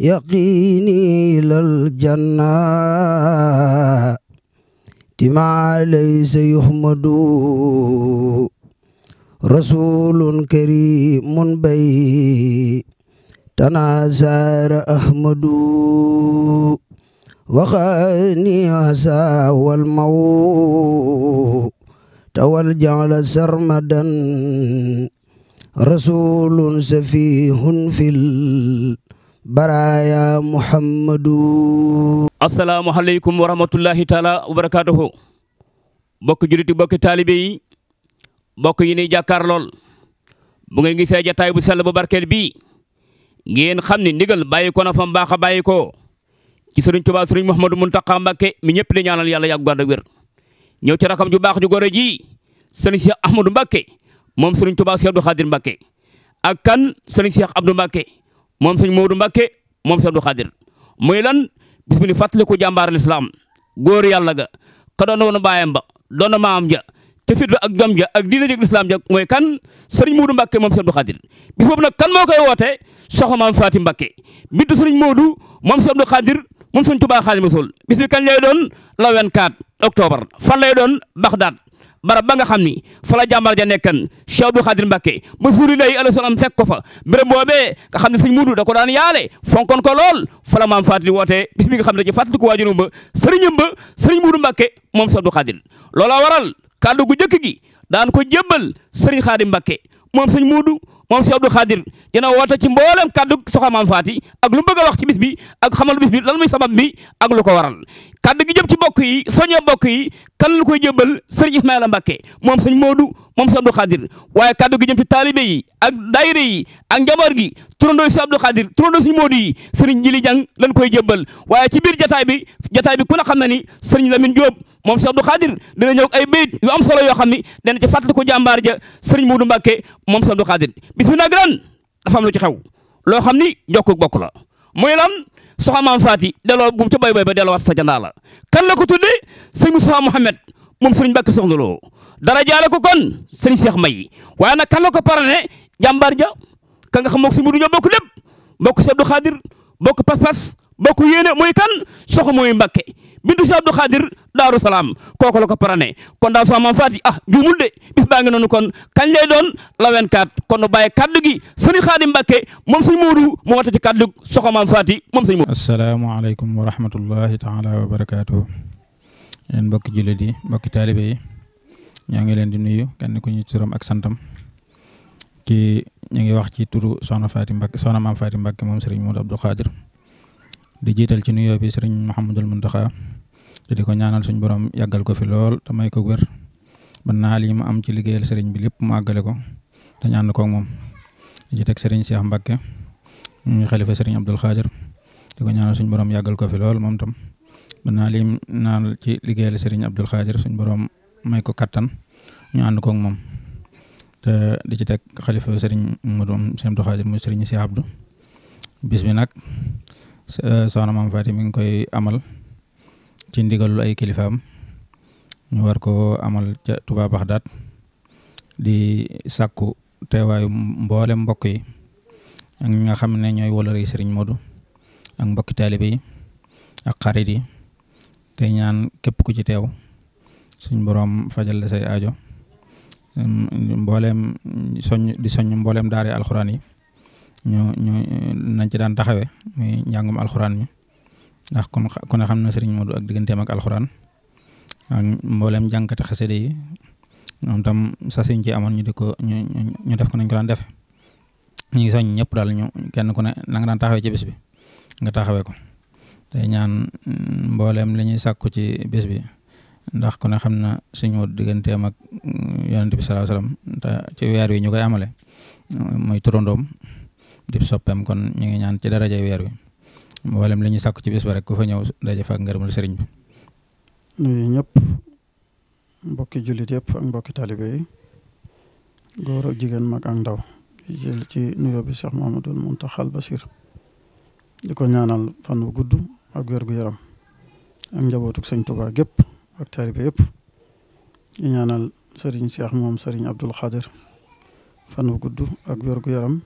يقيني إلى الجنة ما ليس يحمد رسول كريم بي تنازار أحمد وخاني عسى والموت والجعل سرمدا رسول سفيه في baraaya muhammadu asalaamaaleykum wa rahmatullahi taala wa barakaatuhu bokk juliti bokki taalibe yi bokk yi ni jàkkaar lool bu ngeen gisee jataay bu sell bu barkeel bii ngeen xam ne ndigal bàyyi ko na fa baax a bàyyi ko ci sëriñ Tuubaa sëriñ Muhammadu Muntaxa Mbàkke mi ñëpp di ñaanal yàlla yàggu ànd ak wér ñëw ju baax ju gore ji sëriñ Cheikh Ahmadou Mbàkke moom sëriñ Tuubaa Cheikh Abdou Khadir Mbàkke ak kan sëriñ Cheikh Abdou moom sëñ Modou Mbakke moom sëñ Abdou Khadir muy lan bis bu ñu fàttaliku jàmbaar lislaam góor yàlla ga ka doon woon baayam ba doon na maam ja te fit ak jom ja ak diine jëg lislaam ja mooy kan sëriñ Modou Mbakke moom sëñ Abdou Khadir bis nag kan moo koy woote soxna maam Faati Mbakke bintu sëriñ Modou moom sëñ Abdou Khadir moom sëñ Tuubaa Xaadimu Rasuul bis bi kañ lay doon la 24 octobre fan lay doon Baxdaad barab ba nga xam ni fala la jàmbar ja nekkan Cheikh Abdou Khadir Mbacké ba suuri lay alayhi salaam fekk ko fa béréb boobee nga xam ne sëñ Muudu da ko daan yaale fonkoon ko lool fa la maam fàttali wootee bis nga xam ne ci fàttali ko waajuram ba sëriñam ba sëriñ Muudu Mbacké moom Cheikh Abdou Khadir waral kàddu gu jëkk gi daan ko jébbal sëriñ Khadim Mbacké moom sëñ Muudu moom si Abdou Khadir dina woote ci mboolem kàddu soxna maam Faati ak lu mu wax ci bis bi ak xamal bis bi lan muy sabab mi ak lu ko waral kaddu gi jëm ci mbokk yi soññee mbokk yi kan la koy jëbal sëriñ Ismaila Mbacke moom sëñ Modou moom sëñ Abdou Khadir waaye kaddu gi jëm ci taalibe yi ak daayira yi ak njaboot gi turandoo sëñ Abdou Khadir turandoo sëñ Modou yi sëriñ Jili Jang lañ koy jëbal waaye ci biir jataay bi jataay bi ku ne xam na ni sëriñ Lamine Diop moom sëñ Abdou Khadir dina ñëw ay béyit yu am solo yoo xam ni dana ci fàttali ko jàmbaar ja sëriñ Modou Mbacke moom sëñ Abdou Khadir bis bi nag ren dafa am lu ci xew loo xam ni jokk bokk la soxna maam faati delloo bu mu ca bay bay ba delloo wat sa ca ndaa la kan la ko tudde sëñ Moussa Mouhamed moom sëriñ Mbàkke soxna loo dara jaare ko kon sëriñ Cheikh May waaye nag kan la ko parane jàmbaar ja ka nga xam mook sëñ du ñoo bokk lépp bokk si Abdou Khadir bokk pas-pas bokk yéene muy kan soxo muy Mbàkke bindu si Abdou Khadir Daaru Salaam kooku la ko parane kon daal sama maam Faati ah juumul de bis noonu kon kañ lay doon la 24 kon nu bàyyi kaddu gi sëriñ Xaadim Mbàkke moom sëñ Moodu mu wata ci kaddu soxo maam Faati moom sëñ Moodu asalaamaaleykum wa rahmatullahi taala wa barakaatuhu mbokki jullit yi mbokki taalibe ñoo ngi leen di nuyu kenn ku ñu turam ak santam ci ñu ngi wax ci turu soxna Faati Mbacke soxna maam Faati Mbacke moom sëriñ Modou Abdou Khadir di jiital ci nuyoo bi sëriñ Mouhamadul Mountakha te di ko ñaanal suñu borom yàggal ko fi lool te may ko wér ba naal yi mu am ci liggéeyal sëriñ bi lépp mu àggale ko te ñu moom di ci teg sëriñ Cheikh Mbacke ñu xalifa sëriñ Abdou Khadir di ko ñaanal suñu borom yàggal ko fi lool moom tam ba naal yi naal ci liggéeyal sëriñ Abdou Khadir suñ borom may ko kattan ñu ànd ko moom. te di ci teg xalifa sëriñ Modou sëriñ Abdou Khadir mu si Abdou bis bi nag eh, soxna Maam Faati mi ngi koy amal ci ndigalul ay kilifaam ñu war ko amal ca Touba Baxdaat di sàkku teewaayu mboole mbokk yi ak nga xam ne ñooy wolori sëriñ Modou ak mbokki taalibe yi ak yi te ñaan képp ku ci teew suñ boroom fajal la say aajo mbooleem soññ di soñ mbooleem daara alxuraan yi ñu ñu nañ ci daan taxawee muy njàngum alxuraan mi ndax kon ku xam na sëriñ Modou ak digganteem ak alxuraan ak mbooleem jànkati xasida yi moom tam sasiñ ci amoon ñu di ko ñu ñu def ko nañ ko daan def ñu ngi soññ ñëpp daal ñu kenn ku ne na nga daan taxawee ci bés bi nga taxawee ko te ñaan mm, mbooleem li ñuy ci bés bi ndax kon ne xam na suñu wut digganteem ak mm, yonent bi sallallahu alayhi wasallam te ci weer wi ñu koy amale mm, muy turandoom di soppeem kon ñu ngi ñaan ci daraja weer wi mboolem li ñu sàkk ci bis ba rek ku fa ñëw daje fa ak ngërëmul sëriñ bi. nuyu ñëpp mbokki jullit yëpp ak mbokki talibe yi góor ak jigéen mag ak ndaw di jël ci nuyoo bi Cheikh Mouhamadoul Mountakha Bachir di ko ñaanal fan gudd ak wér gu yaram ak njabootuk sëñ Tuubaa gépp ak taalibe yëpp di ñaanal sëriñ Cheikh moom sëriñ Abdul Xaadir fanu gudd ak wér yaram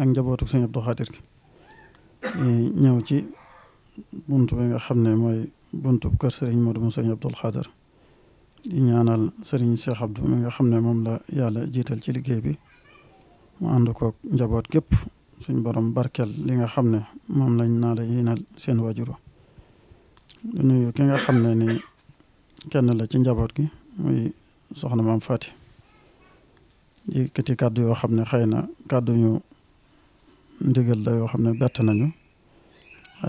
ak njabootu sëriñ Abdul Xaadir gi ñëw ci bunt bi nga xam ne mooy buntu kër sëriñ Modou mu sëriñ Abdul Xaadir di ñaanal sëriñ Cheikh Abdou mi nga xam ne moom la yàlla jiital ci liggéey bi mu ànd ko njaboot gépp suñ borom barkel li nga xam ne moom lañ naa la yéenal seen waajuro nuyu ki nga xam ne ni kenn la ci njaboot gi muy soxna maam Faati yëkkati kàddu yoo xam ne xëy na kàddu ñu ndigal la yoo xam ne bett nañu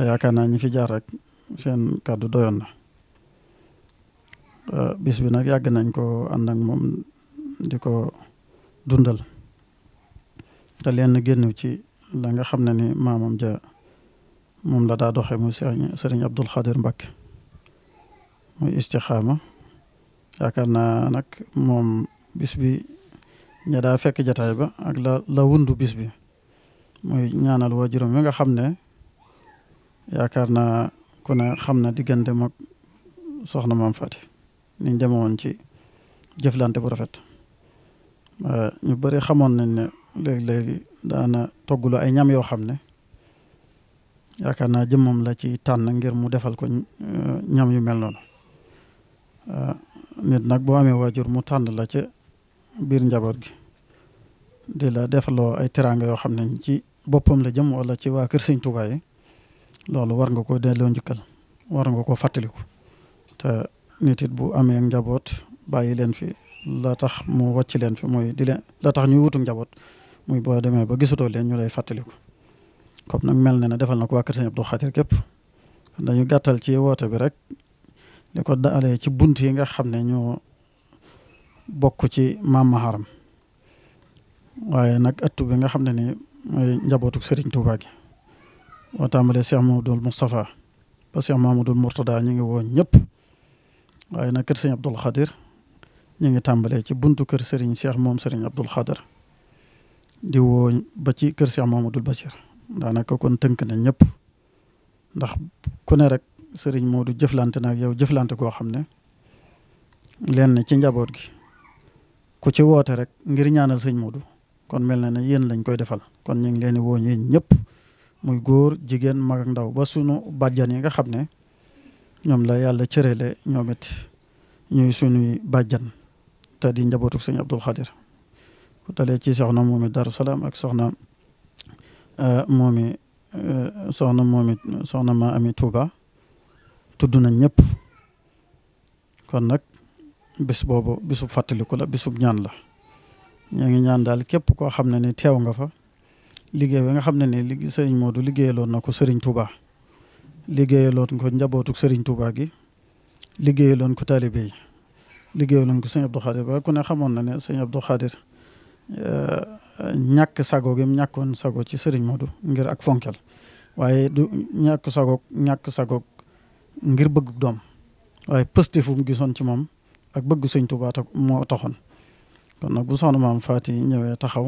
yaakaar naa ñi fi jaar rek seen kàddu doyoon na euh, bis bi nag yàgg nañ ko ànd moom di ko dundal te leen génn ci la nga xam ne ni maamam ja moom la daado doxe mu sëriñ Abdul Xadir Mbàkke muy istixaama yaakaar naa nag moom bis bi ña daa fekk jataay ba ak la la wundu bis bi muy ñaanal waajuram wi nga xam ne yaakaar naa ku xam na diggante mag soxna maam Faty niñ demoon ci jëflante bu rafet ñu bëri xamoon nañ ne léegi-léegi daana togglu ay ñam yoo xam ne yaakaar naa moom la ci tànn ngir mu defal ko euh, ñam yu mel noonu Euh, nit nag boo amee waajur mu tànn la ca biir njaboot gi di la defaloo ay teraanga yoo xam ne ci boppam la jëm wala ci waa kër sëñ yi loolu war nga ko delloo njukkal war nga ko fàttaliku te nit it bu amee njaboot bàyyi leen fi la tax mu wàcc leen fi mooy di leen la tax ñuy wutu njaboot muy boo demee ba gisutoo leen ñu lay fàttaliku kom nag mel na ne defal na ko waa kër sëñ Abdou Xaadir képp dañu gàttal ci woote bi rek di ko daalee ci bunt yi nga xam ne ñoo bokk ci maam maharam waaye nag ëtt bi nga xam ne ni mooy njabootu Serigne Touba gi boo tàmbalee Cheikh Mamadou Moustapha ba Cheikh Mamadou Mourtada ñu ngi woon ñëpp waaye nag kër Serigne Abdoul Khadir ñu ngi tàmbalee ci buntu kër Serigne Cheikh moom Serigne Abdoul Khadir di woo ba ci kër Cheikh Mamadou Bachir daanaka kon tënk na ñëpp ndax ku rek. sëriñ Modou jëflante na ak yow jëflante goo xam ne lenn ci njaboot gi ku ci woote rek ngir ñaanal sëñ Modou kon mel na ne yéen lañ koy defal kon ñu ngi leen di ñëpp muy góor jigéen mag ndaw ba sunu bàjjan yi nga xam ne ñoom la yàlla cere ñoom it ñuy sunuy bàjjan te di njabootu sëñ Abdul Xadir ku dalee ci soxna moomi Daru Salaam ak soxna eh, moomi eh, soxna moomi soxna ma ami tuuba tudd na ñëpp kon nag bis boobu bisub fàttaliku la bisub ñaan la ñoo ngi ñaan daal képp koo xam ne ni teew nga fa liggéey bi nga xam ne ni li sëriñ Modou na ko sëriñ Touba liggéeyaloon ko njabootuk sëriñ Touba gi loon ko taalibe liggéey liggéeyaloon ko sëñ Abdou Khadir ba ku ne xamoon na ne sëñ Abdou Khadir ñàkk sago gi ñàkkoon sago ci sëriñ Modou ngir ak fonkel waaye du ñàkk sago ñàkk sago ngir bëgg doom waaye pëste fu mu gisoon ci moom ak bëgg sëñ Tuubaa moo taxoon kon nag bu soxna maam Faati ñëwee taxaw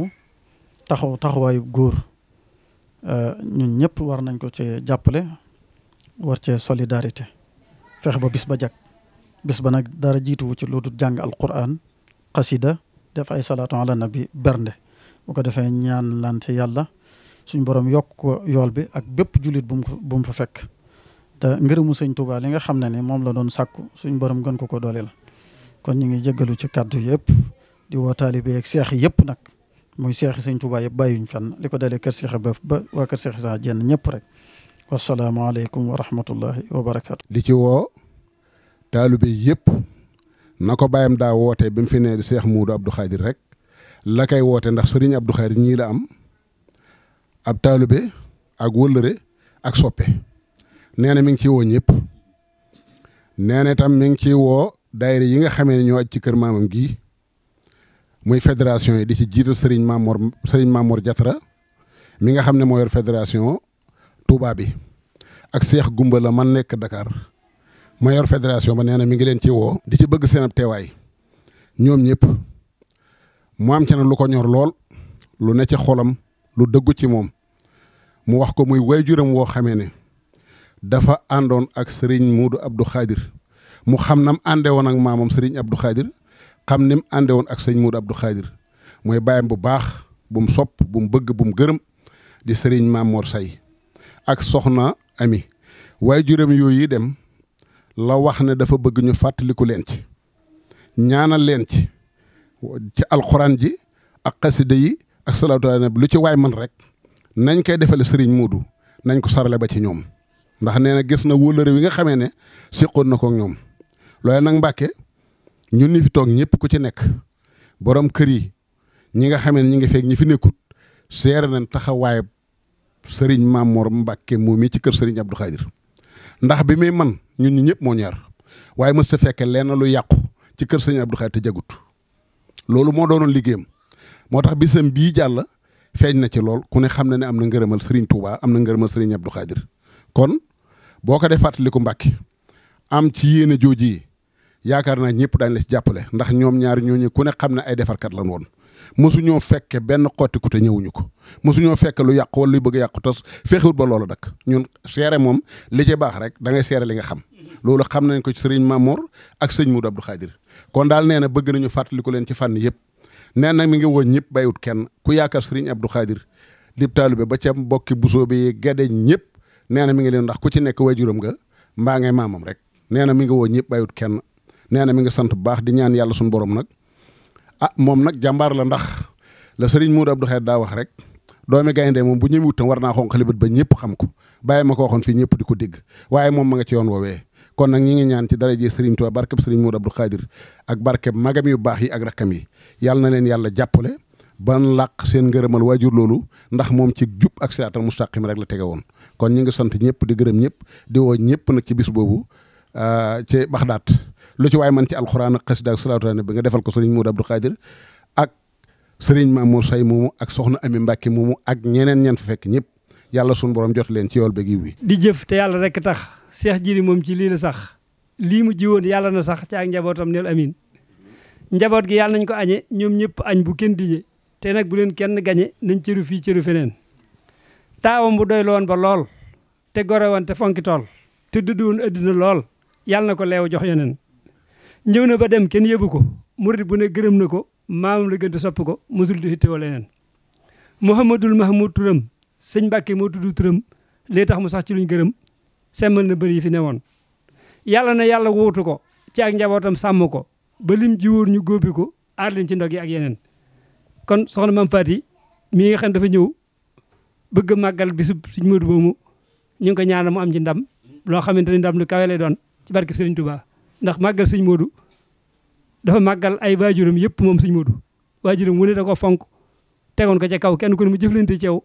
taxaw taxawaayu góor euh, ñu ñëpp war nañ ko cee jàppale war cee solidarité fexe ba bis ba jag bis ba nag dara jiituwu ci lu jàng alquran xasida def ay salaatu ala nabi bernde bu ko defee ñaan lante yàlla suñ borom yokk yool bi ak bépp jullit bu mu fa fekk te mu sëñ Touba li nga xam ne ne moom la doon sàkku suñ borom gën ko ko doole la kon ñu ngi jéggalu ci kàddu yëpp di woo taalibe ak seex yëpp nag muy seex sëñ Touba yëpp bàyyiwuñ fenn li ko dalee kër ba waa kër seex sax jenn ñëpp rek wasalaamaaleykum wa rahmatullahi wa barakaatu. di ci woo taalibe yépp na ko bàyyam daa woote bi mu fi ne seex Muudu Abdou Khadir rek la koy woote ndax sëriñ Abdou Khadir ñii la am ab taalibe ak wëllëre ak soppe. nee na mi ngi ciy woo ñëpp nee na itam mi ngi ciy woo daayira yi nga xamee ne ñoo aj ci kër maamam gii muy fédération yi di ci jiital Serigne Mamor Serigne Mamor Diatra mi nga xam ne moo yor tubaab yi ak Cheikh Gumba la man nekk dakaar ma yor ba nee na mi ngi leen ci woo. di ci bëgg seen teewaay ñoom ñëpp mu am ci na lu ko ñor lool lu ne ci xolam lu dëggu ci moom mu wax ko muy waajuram woo xamee ne. dafa àndoon ak sëriñ Muudu Abdou Khadir mu xam nam àndee woon ak maamam sëriñ Abdou Khadir xam ni mu àndee woon ak sëriñ Muudu Abdou Khadir mooy bàyyam bu baax bu mu sopp bu mu bëgg bu mu gërëm di sëriñ Mamor Say ak soxna Ami waaye juróom yooyu dem la wax ne dafa bëgg ñu fàttaliku leen ci ñaana leen ci ci alxuraan ji ak xasida yi ak salaatu ala lu ci waay man rek nañ koy defale sëriñ Muudu nañ ko sarale ba ci ñoom ndax nee na gis na wóllëre wi nga xamee ne séqoon na ko ñoom loole nag Mbàkke ñun ñi fi toog ñëpp ku ci nekk borom kër yi ñi nga xame ne ñi ngi feeg ñi fi nekkut seere nañ taxawaayab sëriñ maam Mamoor Mbàkke moom mii ci kër sëriñ Abdou Khadir ndax bi muy man ñun ñi ñëpp moo ñaar waaye mës ta fekke lenn lu yàqu ci kër sëriñ Abdou Khadir te jagut loolu moo doonoon liggéeyam moo tax bi bisam bii jàll feeñ na ci lool ku ne xam na ne am na ngërëmal sëriñ Touba am na ngërëmal sëriñ Abdou Khadir kon boo ko dee fàttaliku Mbàkke am ci yéen a jooji yaakaar naa ñëpp daan la ci jàppale ndax ñoom ñaari ñooñu ku ne xam ne ay defarkat lan woon mosuñoo fekke benn xottiku te ñëwuñu ko mësuñoo fekke lu yàqu wala lu bëgg a yàqu tas fexewut ba loolu dak ñun seere moom li ci baax rek da ngay seere li nga xam loolu xam nañ ko ci sëriñ Mamour ak sëñ mu Moudou Abdou Khadir kon daal nee na bëgg nañu fàttaliku leen ci fànn yëpp nee na mi ngi woon ñëpp bàyyiwut kenn ku yaakaar sëriñ Abdou Khadir di taalibe ba ca mbokki busoo bi gade ñëpp nee na mi ngi leen ndax ku ci nekk waajuram nga mbaa ngay maamam rek nee na mi ngi woo ñëpp bayut kenn nee na mi ngi sant bu baax di ñaan yàlla suñu borom nag a ah moom nag jàmbaar la ndax la sëriñ Moudou Abdou Khadre daa wax rek doomi gaynde moom bu ñëwut tam war naa xonq libat ba ñëpp xam ko bàyyi ma ko waxoon fii ñëpp di ko dégg waaye moom ma nga ci yoon woowee kon nag ñi ngi ñaan ci daraje sëriñ Tuubaa barkeb sëriñ Moudou Abdou Khadre ak barkeb magam yu baax yi ak rakkam yi yàlla na leen yàlla jàppale ban làq seen ngërëmal waajur loolu ndax moom ci jub ak siraatal mustaqim rek la tege woon kon ñu ngi sant ñëpp di gërëm ñëpp di woo ñëpp nag ci bis boobu euh, ci baxdaat lu ci waaye man ci alxuraan ak xasida ak salaatu bi nga defal ko sëriñ Modou Abdou Khadir ak sëriñ mu Say moomu ak soxna Ami Mbacke moomu ak ñeneen ñan fa fekk ñëpp yàlla suñu borom jot leen ci yool beeg yiw bi di jëf te yàlla rek tax Cheikh Jili moom ci lii la sax lii mu jiwoon yàlla na sax ci ak njabootam neel amin njaboot gi yàlla nañ ko añe ñoom ñëpp añ bu kenn dije te nag bu leen kenn gañe nañ cëru fii cëru feneen taawam bu doy woon ba lool te gore woon te fonki tool te dudd woon addina lool yàlla na ko leew jox yeneen ñëw na ba dem kenn yebu ko murid bu ne gërëm na ko maamam la gën di sopp ko mosul di hittewoo leneen Mouhamadul Mahmoud turam sëñ mbakke mu tudd turam lii tax mu sax ci luñ gërëm semmal na bëri yi fi newoon yàlla na yàlla wuutu ko ci ak njabootam sàmm ko ba lim jiwoon ñu góobi ko aar leen ci ndog yi ak yeneen kon soxna Mame Faty mi nga xam dafa ñëw bëgg a màggal bisub sëñ Modou moomu ñu ngi ko ñaanal mu am ci ndam loo xamante ni ndam lu kawe lay doon ci barke Sëriñ Touba ndax màggal sëñ Modou dafa màggal ay waajuram yëpp moom sëñ Modou waajuram wu ne da ko fonk tegoon ko ca kaw kenn ku mu jëflante ci yow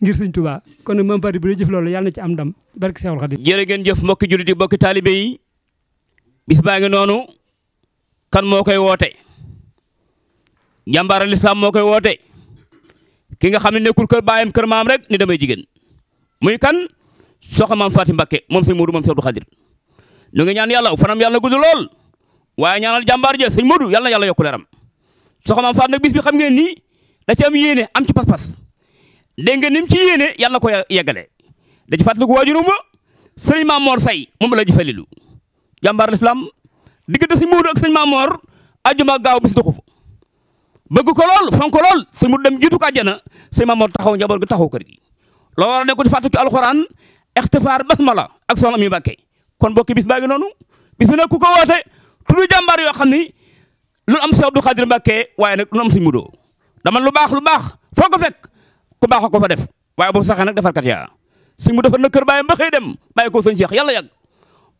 ngir sëñ Touba kon nag Mame Fadil bu dee jëf loolu yàlla na ci am ndam ci barke Seexul Xadim jërë ngeen jëf mbokki jullit yi mbokki taalibe baa ngi noonu kan moo koy woote jàmbaara lislaam moo koy woote ki nga xam ne nekkul kër baayam kër maam rek ni damay jigéen muy kan soxna maam Faati Mbakke moom sëñ Modou moom Cheikh Abdou Khadir ñu ngi ñaan yàlla fanam yàlla gudd lool waaye jàmbaar ja sëñ Modou yàlla na yàlla yokku leeram soxna maam Faati nag bis bi xam ngeen ni da ci am yéene am ci pas-pas dégg nga ni mu ci yéene yàlla na ko yeggale da ci fàttaliku waajurum ba sëñ Maam Mor Say moom la ji falilu jàmbaar lislaam diggante sëñ Modou ak sëñ Maam Mor ajuma gaaw bis doxu fa bëgg ko lool fonk ko lool si mu dem jiitu ko àjjana si Mamoor taxaw njaboot gi taxaw kër gi loolu war ne ko di fàttu ci alxuraan ixtifaar la ak soxna mi Mbàkke kon bokki bis baa ngi noonu bis bi nag ku ko woote tudd jàmbaar yoo xam ni lu am si Abdu Xaadir Mbàkke waaye nag lu am si mudoo dama lu baax lu baax foo ko fekk ku baax ko fa def waaye boobu saxee nag defarkat yaa si mu defar na kër bàyyi mbaxëy dem bàyyi ko sëñ seex yalla yàgg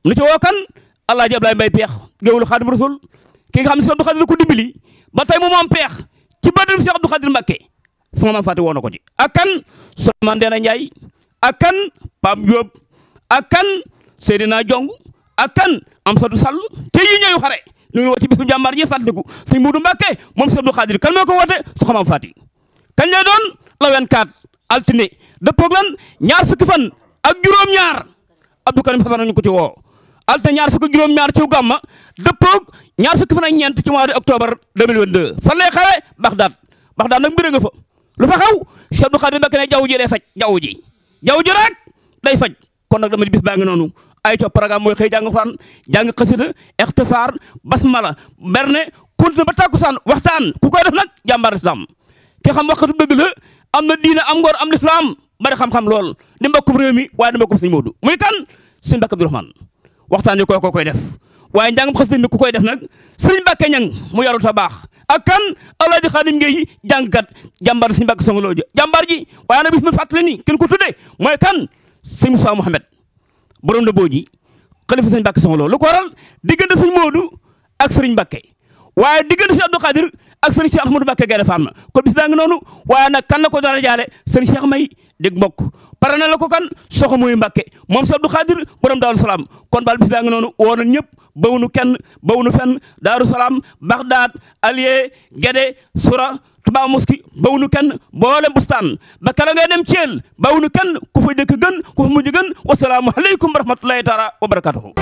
nu ci woo kan Alaaji Ablaay Mbay Peex géwlu Xaadim Rasul ki nga xam ne si Abdu Xaadir ko ba tey moom am peex ci ba Cheikh Abdou Khadir Mbacké sama maam fàtte woon na ko ci ak kan Souleymane Ndéné Ndiaye ak kan Pape Diop ak kan naa Jong ak kan Amsadou Sall te yi ñëw xare ñu ngi woo ci bisu jàmbaar yi fàttaliku si Muudu Mbacké moom Cheikh Abdou Khadir kan moo ko woote su xamam fàtti kañ lay doon la 24 altine dëppoog lan ñaar fukki fan ak juróom-ñaar Abdou Karim xabar nañu ko ci woo altine ñaar fukki juróom-ñaar ci gàmma dëppoog ñaar fukki fan ak ñeent ci de octobre 2022 fan lay xawee Baxdaad Baxdaad nag mbir nga fa lu fa xaw Cheikh Abdou Khadim Mbacké ne jaww ji faj jaww ji jaww ji rek day faj kon nag dama di bis baa ngi noonu ay to programme mooy xëy jàng Alxuraan jàng xasida ixtifaar basmala berne continue ba tàkkusaan waxtaan ku koy def nag jàmbaar islam ki xam waxatu dëgg la am na diina am ngor am lislaam bari xam-xam lool di mbokkum réew mi waaye di mbokkum sëñ Moodu muy kan sëñ Mbacké waxtaan ko kookoo koy def waaye njàngum xasida mi ku koy def nag sëriñ Mbàkke ñang mu yarut a baax ak kan Alaaji Xaadim Ngay jàngkat jàmbaar sëriñ Mbàkke Sonko Lo jàmbaar ji waaye nag bis ma fàttali ni kenn ku tuddee mooy kan sëriñ Moussa Mouhamed borom la booji xalifa sëriñ Mbàkke Sonko Lo lu ko waral diggante sëriñ Moodu ak sëriñ Mbàkke waaye diggante sëriñ Abdou Khadir ak sëriñ Cheikh Ahmadou Mbàkke Gaynde Fatma kon bis baa ngi noonu la ko dara jaale sëriñ Cheikh May dégg mbokk pare na la ko kan soxo muy Mbàkke moom Sëriñ Abdou Khadir borom Daaru Salaam kon bal bi fi baa ngi noonu woo na ñëpp bawunu kenn bawunu fenn Daaru Salaam Bagdad Alié Guédé Soura Touba bawunu kenn boolem bustaan ba kala ngay dem Thiel bawunu kenn ku fa jëkk gën ku fa mujj gën wasalaamu aleykum wa rahmatullahi taala wa barakatuhu